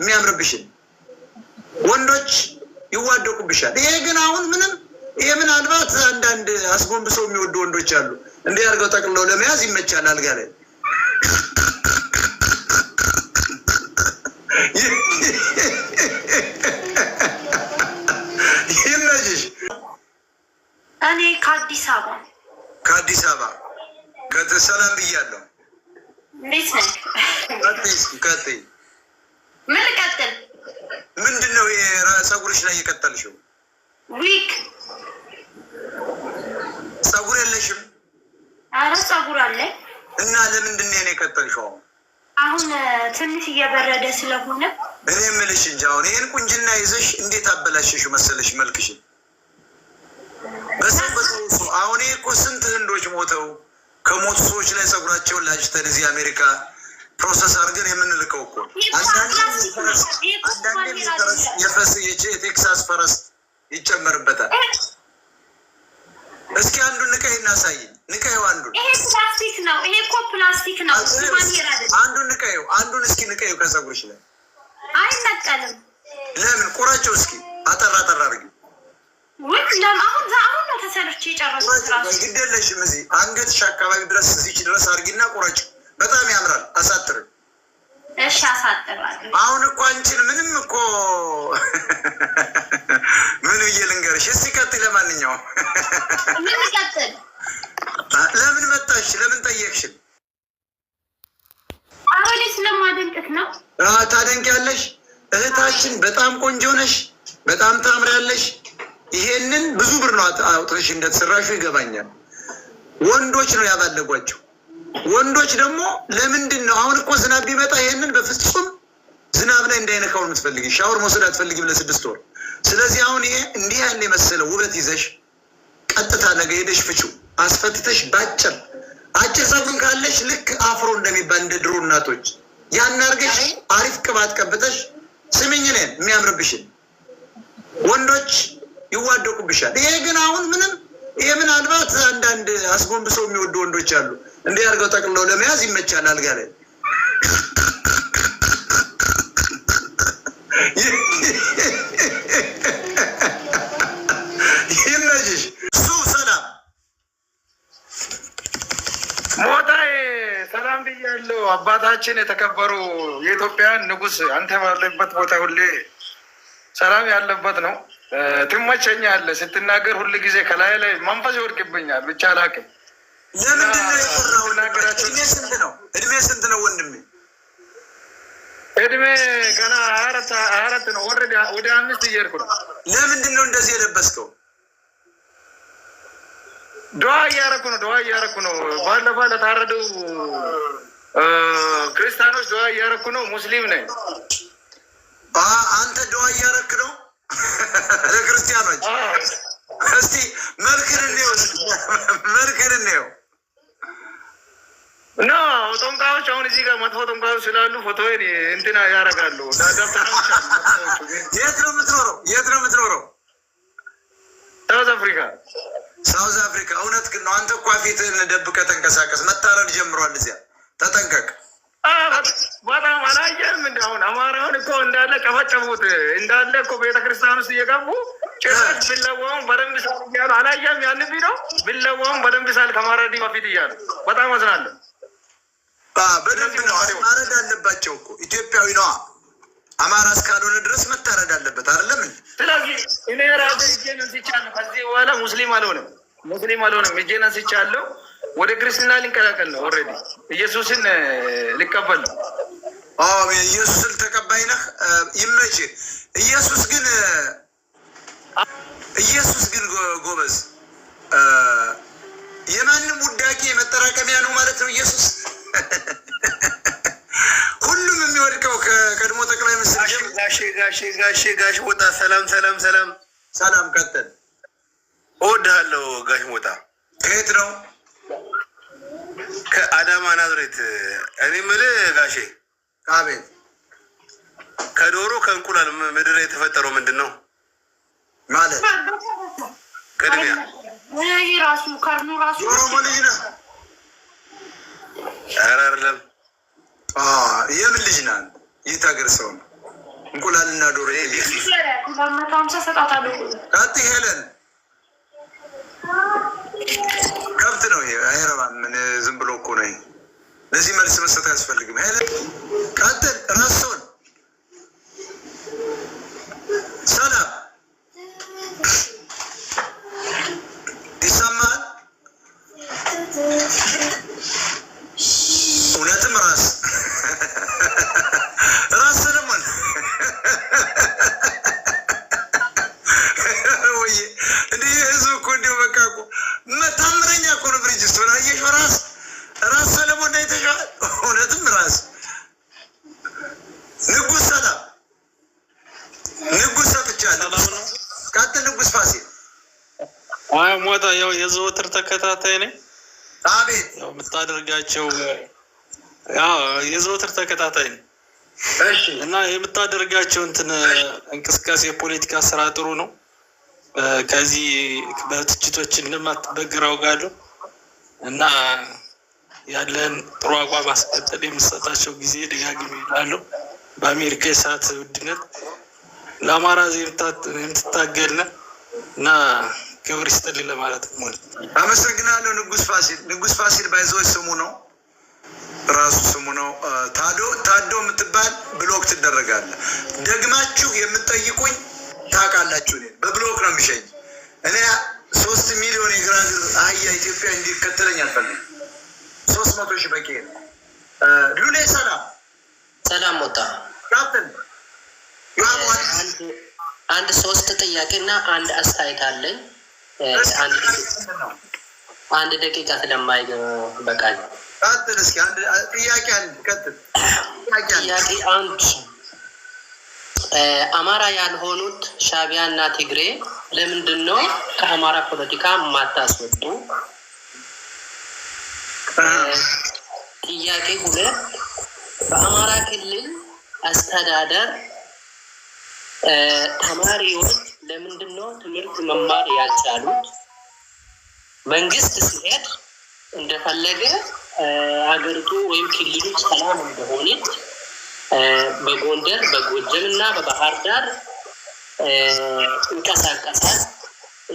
የሚያምርብሽን ወንዶች ይዋደቁብሻል። ይሄ ግን አሁን ምንም ይሄ ምናልባት አንዳንድ አስጎንብሰው የሚወዱ ወንዶች አሉ። እንዲህ አድርገው ጠቅልለው ለመያዝ ይመቻል አልጋ ላይ እኔ ከአዲስ አበባ ከአዲስ አበባ ሰላም ብያለሁ። እንዴት ነው? ምን ልቀጥል? ምንድን ነው ፀጉርሽ ላይ የቀጠልሽው? ዊክ ፀጉር የለሽም? አረ ፀጉር አለ እና ለምንድን ነው የቀጠልሽው? አሁን ትንሽ እየበረደ ስለሆነ እኔ የምልሽ እንጂ አሁን ይህን ቁንጅና ይዘሽ እንዴት አበላሸሽው መሰለሽ መልክሽን በሰው አሁን እኮ ስንት ህንዶች ሞተው ከሞቱ ሰዎች ላይ ፀጉራቸውን ላጭተን እዚህ አሜሪካ ፕሮሰስ አድርገን የምንልከው እኮ አንዳንድ የፈረስ የቴክሳስ ፈረስ ይጨመርበታል። እስኪ አንዱን ንቀህ እናሳየኝ። ንቀህ አንዱን። ይሄ ፕላስቲክ ነው። ይሄ እኮ ፕላስቲክ ነው። አንዱን ንቀህ አንዱን እስኪ ንቀህ ከፀጉርሽ ላይ አይነቀልም። ለምን ቁራጭው? እስኪ አጠራ አጠራ አድርጊ። አሁን ነው ተሰልቼ የጨረስኩት። ግድ የለሽም። እዚህ አንገትሽ አካባቢ ድረስ እዚች ድረስ አድርጊና ቁራጭ። በጣም ያምራል። አሳጥር ለሻ አሳጥባለሁ። አሁን እኮ አንቺን ምንም እኮ ምን ብዬ ልንገርሽ? እስቲ ቀጥይ። ለማንኛውም ለምን መጣሽ? ለምን ጠየቅሽን? አሁን ስለማደንቅት ነው። ታደንቂያለሽ። እህታችን በጣም ቆንጆ ነሽ፣ በጣም ታምሪያለሽ። ይሄንን ብዙ ብር ነው አውጥተሽ እንደተሰራሹ ይገባኛል። ወንዶች ነው ያባለጓቸው ወንዶች ደግሞ ለምንድን ነው አሁን እኮ ዝናብ ቢመጣ ይሄንን በፍጹም ዝናብ ላይ እንዳይነካው ነው የምትፈልጊ። ሻወር መውሰድ አትፈልጊም ለስድስት ወር። ስለዚህ አሁን ይሄ እንዲህ ያለ የመሰለ ውበት ይዘሽ ቀጥታ ነገ ሄደሽ ፍቹ አስፈትተሽ ባጭር አጭር ጸጉር ካለሽ ልክ አፍሮ እንደሚባል እንደ ድሮ እናቶች ያን አድርገሽ አሪፍ ቅባት ቀብተሽ ስምኝ ነን የሚያምርብሽን ወንዶች ይዋደቁብሻል። ይሄ ግን አሁን ምንም ይሄ ምናልባት አንዳንድ አስጎንብሰው የሚወዱ ወንዶች አሉ። እንዲህ አድርገው ጠቅልለው ለመያዝ ይመቻል። አልጋ ላይ አባታችን የተከበሩ የኢትዮጵያን ንጉስ አንተ ባለበት ቦታ ሁሌ ሰላም ያለበት ነው። ትመቸኛለህ ስትናገር ሁል ጊዜ ከላይ ላይ መንፈስ ይወድቅብኛል። ብቻ አላውቅም ለምንድን ነው የቆራው? እድሜ ስንት ነው? እድሜ ስንት ነው ወንድሜ? እድሜ ገና አራት አራት ነው። ወረደ ወደ አምስት እየሄድኩ ነው። ለምንድን ነው እንደዚህ የለበስከው? ድዋ እያረኩ ነው። ድዋ እያረኩ ነው። ባለፈ ለታረዱ ክርስቲያኖች ድዋ እያረኩ ነው። ሙስሊም ነኝ። አንተ ድዋ እያረክ ነው ለክርስቲያኖች። እስቲ መልክን እንየው ኖ ጦንቃዎች አሁን እዚህ ጋር መጥፎ ጦንቃዎች ስላሉ ፎቶዬን እንትና ያደርጋሉ። የት ነው የምትኖረው? የት ነው የምትኖረው? ሳውዝ አፍሪካ። ሳውዝ አፍሪካ። እውነት ግን ነው። አንተ እኳ ፊትህን ደብቀህ ተንቀሳቀስ። መታረድ ጀምሯል። እዚያ ተጠንቀቅ። በጣም አላየህም? እንደሁን አማራውን እኮ እንዳለ ቀፈቀፉት። እንዳለ እኮ ቤተክርስቲያን ውስጥ እየገቡ ጭራሽ ብለዋውን በደንብ ሳል እያሉ አላየህም? ያን ቪዲዮ ብለዋውን በደንብ ሳል ከማረዲ በፊት እያሉ በጣም አዝናለሁ። በደንብ ነው ማረድ አለባቸው እኮ ኢትዮጵያዊ ነዋ። አማራ እስካልሆነ ድረስ መታረድ አለበት አይደለም። ስለዚህ እኔ ራሴ እጄን አንስቻለሁ። ከዚህ በኋላ ሙስሊም አልሆንም፣ ሙስሊም አልሆንም። እጄን አንስቻለሁ ወደ ክርስትና ልንቀላቀል ነው። ኦልሬዲ ኢየሱስን ልቀበል ነው። ኢየሱስን ተቀባይ ነህ። ይመች። ኢየሱስ ግን ኢየሱስ ግን ጎበዝ የማንም ውዳቂ መጠራቀሚያ ነው ማለት ነው። ኢየሱስ ሁሉም የሚወድቀው ከቀድሞ ጠቅላይ ሚኒስትር ጋሼ ጋሼ ጋሼ ጋሽ ሞጣ ሰላም ሰላም ሰላም ሰላም። ቀጥል። እወድሃለሁ ጋሽ ሞጣ። ከየት ነው? ከአዳማ ናዝሬት እኔ የምልህ ጋሼ፣ አቤት። ከዶሮ ከእንቁላል ምድር የተፈጠረው ምንድን ነው ማለት? ቅድሚያ ራሱ ከርኑ ራሱ ኧረ አይደለም፣ የምን ልጅ ና የት ሀገር ሰው ነው? እንቁላል እና ዶሮ ቀጥ ሄለን ከንት ነው ይሄ አይረባም። ምን ዝም ብሎ እኮ ነው። ለዚህ መልስ መስጠት አያስፈልግም። ቀጥል ራስዎን እውነትም ራስ ንጉስ ሰላም ንጉስ ሰጥቻለሁ። ከአንተ ንጉስ ፋሴ አይ ሞታ ያው የዘወትር ተከታታይ ነኝ። አቤት ያው የምታደርጋቸው ያው የዘወትር ተከታታይ ነኝ እና የምታደርጋቸው እንትን እንቅስቃሴ የፖለቲካ ስራ ጥሩ ነው። ከዚህ በትችቶች እንደማትበግረው ጋሉ እና ያለን ጥሩ አቋም ማስቀጠል የምሰጣቸው ጊዜ ደጋግሜ እላለሁ። በአሜሪካ የሰዓት ውድነት ለአማራ የምትታገል እና ክብር ይስጥልኝ ለማለት ማለት አመሰግናለሁ። ንጉስ ፋሲል ንጉስ ፋሲል ባይዘዎች ስሙ ነው ራሱ ስሙ ነው። ታዶ ታዶ የምትባል ብሎክ ትደረጋለ። ደግማችሁ የምትጠይቁኝ ታውቃላችሁ። በብሎክ ነው የሚሸኝ። እኔ ሶስት ሚሊዮን የግራግር አህያ ኢትዮጵያ እንዲከተለኝ አልፈልግም። ሶስት መቶ ሺህ በቂ ነው። ሉሌ ሰላም ሰላም ወጣ ራትን አንድ ሶስት ጥያቄ እና አንድ አስተያየት አለኝ። አንድ ደቂቃ ቀጥል ስለማይበቃኝ ጥያቄ አለ። ቀጥል ጥያቄ አንድ አማራ ያልሆኑት ሻቢያ እና ትግሬ ለምንድን ነው ከአማራ ፖለቲካ ማታስወጡ? ጥያቄ ሁለት በአማራ ክልል አስተዳደር ተማሪዎች ለምንድን ነው ትምህርት መማር ያልቻሉት? መንግስት ሲሄድ እንደፈለገ አገሪቱ ወይም ክልሉ ሰላም እንደሆነች በጎንደር በጎጀም እና በባህር ዳር ይንቀሳቀሳል።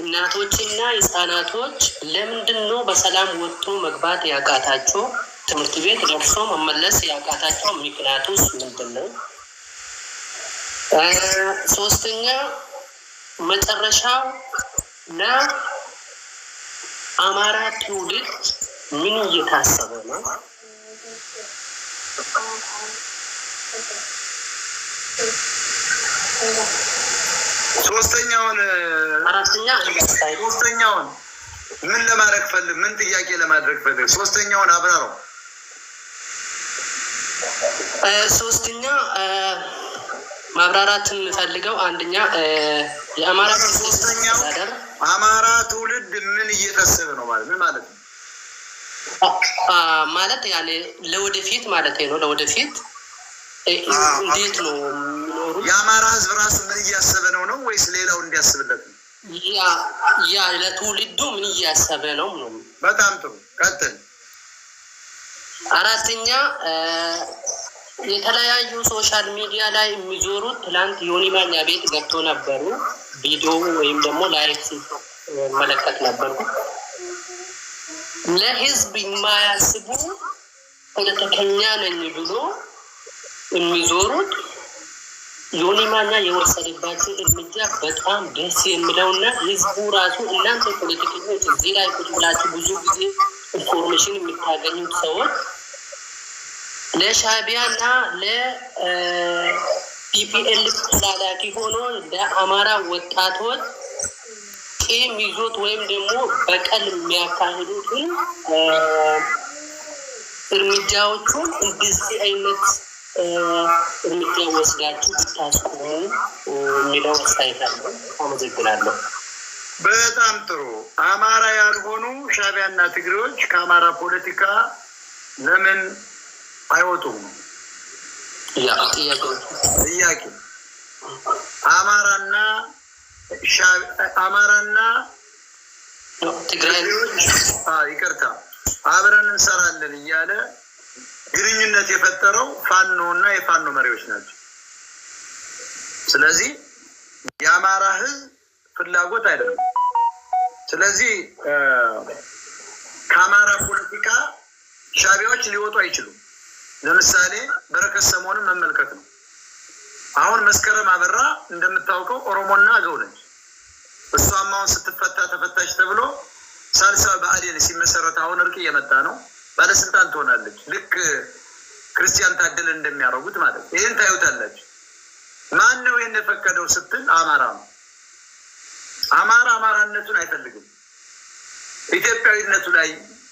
እናቶችና ህፃናቶች ለምንድን ነው በሰላም ወጥቶ መግባት ያቃታቸው? ትምህርት ቤት ደርሶ መመለስ ያቃታቸው ምክንያቱ ምንድን ነው? ሶስተኛ መጨረሻው ና አማራ ትውልድ ምን እየታሰበ ነው? ሶስተኛውን ሶስተኛውን ምን ለማድረግ ፈልግ? ምን ጥያቄ ለማድረግ ፈልግ? ሶስተኛውን አብራራው። ሶስተኛ ማብራራት የምፈልገው አንደኛ የአማራ ሶስተኛው አማራ ትውልድ ምን እየታሰበ ነው ማለት ምን ማለት ነው? ማለት ያኔ ለወደፊት ማለት ነው። ለወደፊት እንዴት ነው የአማራ ህዝብ ራሱ ምን እያሰበ ነው ነው ወይስ ሌላው እንዲያስብለት ነው? ያ ለትውልዱ ምን እያሰበ ነው ነው። በጣም ጥሩ ቀጥል። አራተኛ የተለያዩ ሶሻል ሚዲያ ላይ የሚዞሩት ትላንት ዮኒ ማኛ ቤት ገብቶ ነበሩ። ቪዲዮ ወይም ደግሞ ላይፍ መለከት ነበርኩ። ለህዝብ የማያስቡ ፖለቲከኛ ነኝ ብሎ የሚዞሩት ዮኒ ማኛ የወሰደባቸው እርምጃ በጣም ደስ የሚለውና ህዝቡ ራሱ እናንተ ፖለቲከኞች እዚህ ላይ ቁጭ ብላችሁ ብዙ ጊዜ ኢንፎርሜሽን የምታገኙት ሰዎች ለሻዕቢያና ለፒፒኤል ተላላኪ ሆኖ ለአማራ ወጣቶች ቂም ይዞት ወይም ደግሞ በቀል የሚያካሂዱትን እርምጃዎቹን እንደዚህ አይነት እርምጃ ወስዳችሁ ብታስቆሙ የሚለው አስተያየት አለው። አመሰግናለሁ። በጣም ጥሩ። አማራ ያልሆኑ ሻቢያና ትግሬዎች ከአማራ ፖለቲካ ለምን አይወጡም? ጥያቄ አማራና አማራና ትግራይ ይቅርታ አብረን እንሰራለን እያለ ግንኙነት የፈጠረው ፋኖ እና የፋኖ መሪዎች ናቸው። ስለዚህ የአማራ ህዝብ ፍላጎት አይደለም። ስለዚህ ከአማራ ፖለቲካ ሻቢያዎች ሊወጡ አይችሉም። ለምሳሌ በረከት ሰሞኑን መመልከት ነው። አሁን መስከረም አበራ እንደምታውቀው ኦሮሞና አገው ነች። እሷም አሁን ስትፈታ ተፈታች ተብሎ ሳልሳ ብአዴን ሲመሰረት አሁን እርቅ እየመጣ ነው። ባለስልጣን ትሆናለች። ልክ ክርስቲያን ታደለ እንደሚያደርጉት ማለት ነው። ይህን ታዩታላችሁ። ማን ነው ይህን የፈቀደው ስትል አማራ ነው። አማራ አማራነቱን አይፈልግም። ኢትዮጵያዊነቱ ላይ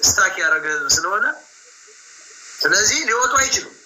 ስታክ ያደረገ ህዝብ ስለሆነ ስለዚህ ሊወጡ አይችሉም።